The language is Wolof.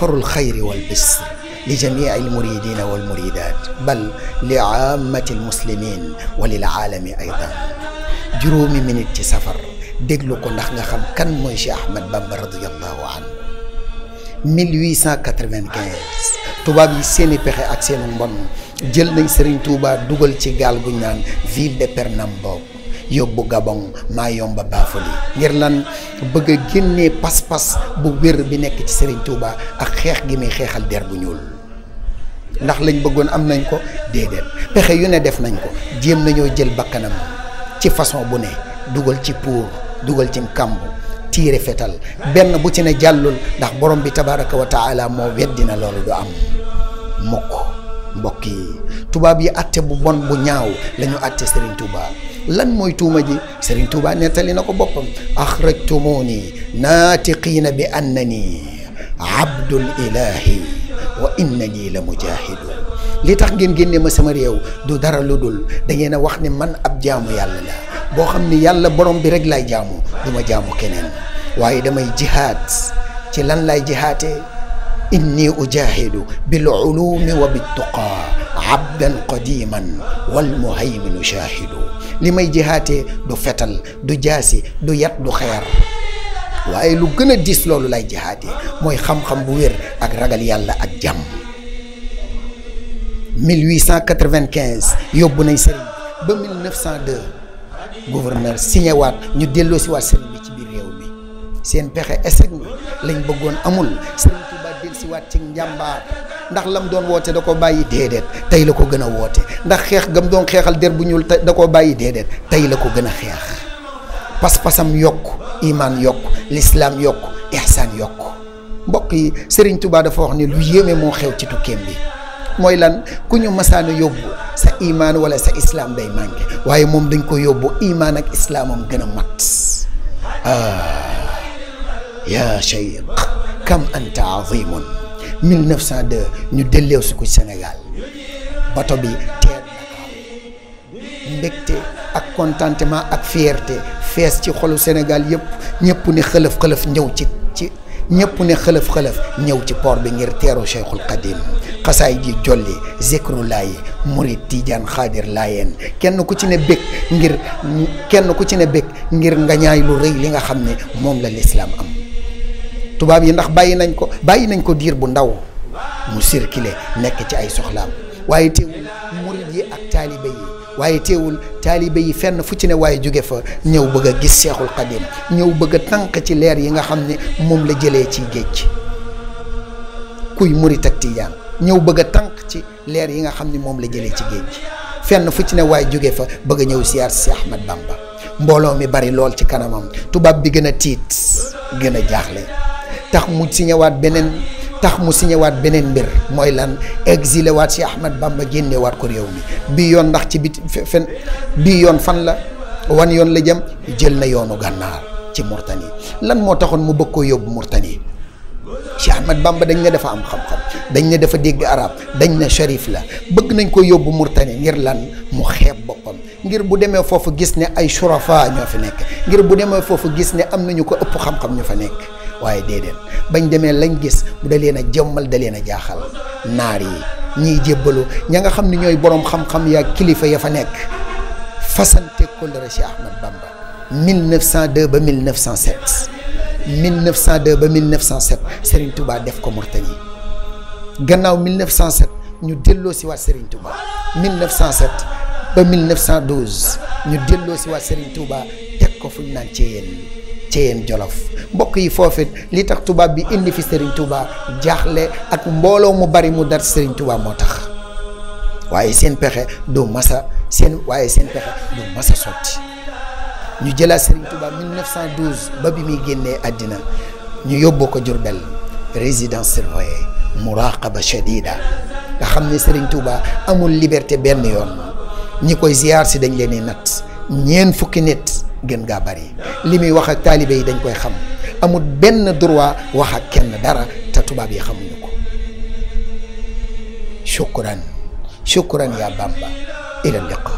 سفر الخير والبسر لجميع المريدين والمريدات بل لعامة المسلمين وللعالم أيضا juróomi minute ci safar déglu ko ndax nga xam kan mooy Cheikh Ahmad Bamba radiyallahu anhu 1895 tubaab yi seeni pexe ak seeni mbon jël nañ Serigne Touba dugal ci gaal gu ñaan ville de Pernambouc yóbbu Gabon maa yomba baafali ngir lan bëgg a génnee pas-pas bu wér bi nekk ci Serigne Touba ak xeex gi muy xeexal der bu ñuul ndax lañ bëggoon am nañ ko déedéet pexe yu ne def nañ ko jéem nañoo jël bakkanam ci façon bu ne dugal ci pour dugal ci kàmb tiire fetal benn bu ci ne jàllul ndax borom bi tabaraka wa taala moo weddina loolu du am mukk mbokk yi tubaab yi atte bu bon bu ñaaw la ñu atte Serigne lan mooy tuuma ji Serigne Touba nettali na ko boppam axrajtumuni naatiqiina bi annani abdul ilahi wa innani la mujaahidu li tax ngeen génne ma sama réew du dara lu dul da ngeen a wax ne man ab jaamu yàlla la boo xam ne yàlla borom bi rek laay jaamu du ma jaamu keneen waaye damay jihaad ci lan lay jihaate inni ujahidu bil ulumi wa bit tuqaa abdan qadiman wal muhayminu shahidu li may jihaatee du fetal du jaasi du yat du xeer waaye lu gën a diis loolu laay jihaatee mooy xam-xam bu wér ak ragal yàlla ak jàmm 1895 yóbbu nañ sëriñ ba 1902 gouverneur signé ñu delloo si waat sëriñ bi ci biir réew mi seen pexe eseg lañ bëggoon amul sëriñ Tuubaa del si waat ci njàmbaar ndax lam doon woote da ko bàyyi déedéet tey la ko gën a woote ndax xeex gam doon xeexal der bu ñuul da ko bàyyi déedéet tey la ko gën a xeex pas-pasam yokk imaan yokk lislaam yokk ihsaan yokk mbokk yi Serigne Touba dafa lu yéeme moo xew ci tukkeem bi mooy lan ku ñu masaanu yóbbu sa imaan wala sa islaam day manqué waaye moom dañ ko yóbbu imaan ak islaamam gën a mat ah yaa cheikh kam anta azimun 1902 ñu delloo si ko Sénégal bato bi teer Ndakaaru ak contentement ak fierté fees ci xolu senegal yëpp ñëpp ne xëlëf xëlëf ñëw ci ci ñëpp ne xëlëf ñëw ci port bi ngir teeru Cheikhul Qadim xasaay ji jolli zikru yi murid tiijaan xaadir laayeen kenn ku ci ne bég ngir kenn ku ci ne bég ngir ngañaay lu rëy li nga xam ne moom la lislaam am tubaab yi ndax bàyyi nañ ko bàyyi nañ ko diir bu ndaw mu circuler nekk ci ay soxlaam waaye teewul murid yi ak taalibe yi waaye teewul taalibe yi fenn fu ci ne waaye jóge fa ñëw bëgg a gis seexul xadim ñëw bëgg a tànq ci leer yi nga xam ne moom la jëlee ci géej kuy murid ak ñëw bëgg tànq ci leer yi nga xam ne moom la jëlee ci géej fenn fu ci ne waaye jóge fa bëgg ñëw siyaar si Ahmad Bamba mbooloo mi bari lool ci kanamam tubaab bi gën a tiit gën a jaaxle tax mu siñewaat beneen tax mu siñewaat beneen mbir mooy lan exilé waat si Ahmad Bamba waat ko réew mi bii yoon ndax ci biti fen bii yoon fan la wan yoon la jëm jël na yoonu gànnaar ci Murtani lan moo taxoon mu bëgg koo yóbbu Murtani Cheikh Ahmad ba dañ ne defa am xam-xam dañ ne defa dégg araab dañ ne sharif la bëgg nañ ko yóbbu Murtani ngir lan mu xeeb boppam ngir bu demee foofu gis ne ay surafa ñoo fi nekk ngir bu demee foofu gis ne am nañu ko ëpp xam ñu fa nekk waaye déedéet bañ demee lañ gis bu da leen a jëmmal da leen a jaaxal naar yi ñiy jébbalu ña nga xam ni ñooy borom xam-xam yaa kilifa ya fa nekk fasante kóllëre Cheikh Ahmad Bamba 1902 ba 1907 1902 ba 1907 Serigne Touba def ko Mauritanie gannaaw 1907 ñu delloo si waat Serigne Touba 1907 ba 1912 ñu delloo si waat Serigne Touba teg ko fu ñu naan Ceyeen Ceyeen Jolof mbokk yi foofut li tax tubaab bi indi fi Serigne Touba jaaxle ak mbooloo mu bari mu dar Serigne Touba moo tax waaye seen pexe du masa seen waaye seen pexe du masa sotti ñu jëlaat Serigne Touba 1912 ba bi muy génnee àddina ñu yóbbu ko Jurbel résidence surveillée muraqaba shadida nga xam ne sëriñ Touba amul liberté benn yoon ñi koy ziyaar si dañ leen natt ñeent fukki nit. gën gaa bari li muy wax taalibe yi dañ koy xam amul benn droit waxaat kenn dara te tubaab yi xamuñu ko shukran shukran ya bamba ila liqa